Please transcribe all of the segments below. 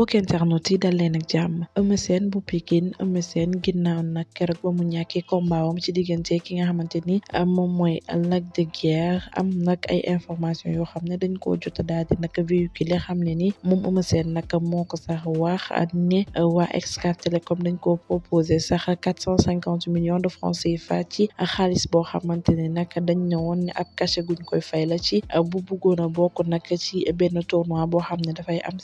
mbokk internet yi dal leen ak jàmm Eumeu Sène bu Pikine Eumeu Sène ginnaaw nag keroog ba mu ñàkkee combat am ci diggante ki nga xamante ni ah, moom mooy Lac de Guiers am nag ay information yoo xam ne dañ koo jot a daal di nag véhiculé xam ne ni moom Eumeu Sène nag moo ko sax wax ne ah, waa Excaf Télécom dañ koo proposé sax quatre cent cinquante millions de francs fa ci xaalis boo xamante ne nag dañ ne woon ne ab cachet guñ koy fay la ci ah, bu bëggoon a bokk nag ci benn tournoi boo xam ne dafay am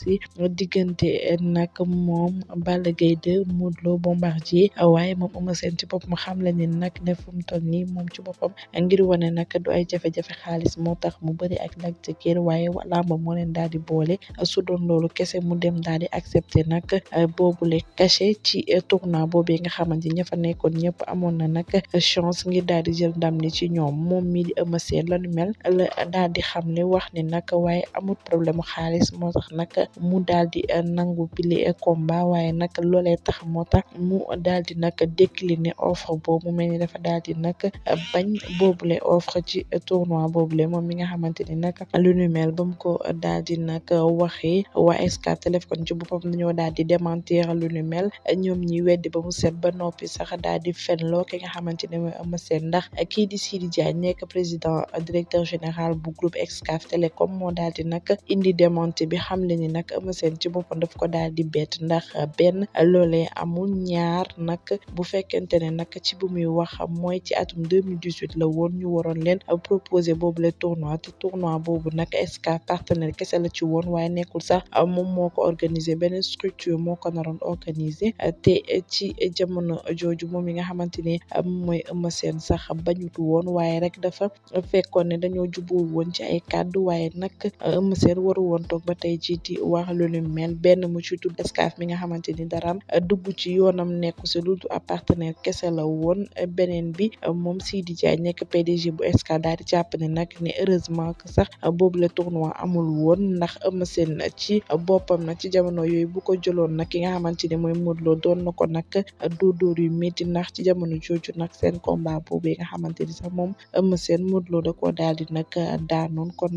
diggante nag moom Balla Gaye 2 Modou Lo Bombardier waaye moom Eumeu Sène ci boppam xam le ne nag ne fu mu toll moom ci boppam ngir wane nag du ay jafe-jafe xaalis moo tax mu bëri ak Lac de Guiers waaye làmb moo leen daal di boole su doon loolu kese mu dem daal di accepté nag euh, boobule cachet ci euh, tournoi boobee nga xamante ña fa nekkoon ñëpp amoon na nag chance ngir daal di jël ndam ni ci ñoom moom mi di Eumeu Sène la nu daal di xamle wax ne nag waaye amul nangu bile combat waaye nag loole tax moo tax mu daal di nag décliné offre boobu mu mel ni dafa daal di nag bañ boobule offre ci boobu le moom mi nga xamante ni nag lu nu mel ba ko daal di nag waxee waa SK Téléphone ci boppam dañoo daal di démentir lu nu mel ñoom ñi weddi ba mu set ba noppi sax daal di fenloo ki nga xamante ne mooy Eumeu Sène ndax kii di Sidi Diagne nekk président directeur général bu groupe Excaf Télécom moo daal di nag indi démenti bi xam le ni nag Eumeu Sène ci boppam kon daf ko daal di bett ndax benn loolee amul ñaar nag bu fekkente ne nag ci bu muy wax mooy ci atum 2018 la woon ñu waroon leen proposé boobu le tournoi te tournoi boobu nag Escaf partenaire kese la ci woon waaye nekkul sax moom moo ko organisé benn structure moo ko naroon organisé te ci jamono jooju moom yi nga xamante ne mooy Eumeu Sène sax bañutu woon waaye rek dafa fekkoon ne dañoo jubóo woon ci ay kàddu waaye nag Eumeu Sène waru woon toog ba tey benn mu ci tudd mi nga xamante ni daraam dugg ci yoonam nekku si lu ab partenaire kese la woon beneen bi moom Sidi Diagne nekk PDG bu Excaf daal di jàpp ne nag ne heureusement que sax boobu le tournoi amul woon ndax Eumeu Sène ci boppam nag ci jamono yooyu bu ko jëloon nag ki nga xamante ni mooy Modou doon na ko nag dóor-dóor yu métti ndax ci jamono jooju nag seen combat boobu nga xamante ni sax moom Eumeu Sène Modou Lo da koo daal di nag daanoon kon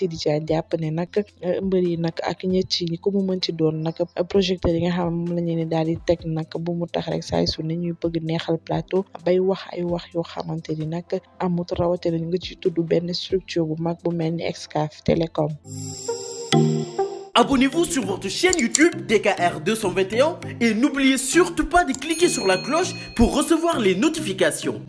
Sidi Diagne jàpp ne nag eh, mbër yi nag ak ñett yi ku mu mën ci doon nag eh, projecteur yi nga xam moom la ñu ne daal di teg nag bu mu tax rek saay su ne ñuy bëgg neexal plateau bay wax ay wax yoo xamante ni nag amut rawatina ñu ngi ci tudd benn structure bu mag bu mel ni Excaf Télécom. Abonnez-vous sur votre chaîne YouTube DKR 221 et n'oubliez surtout pas de cliquer sur la cloche pour recevoir les notifications.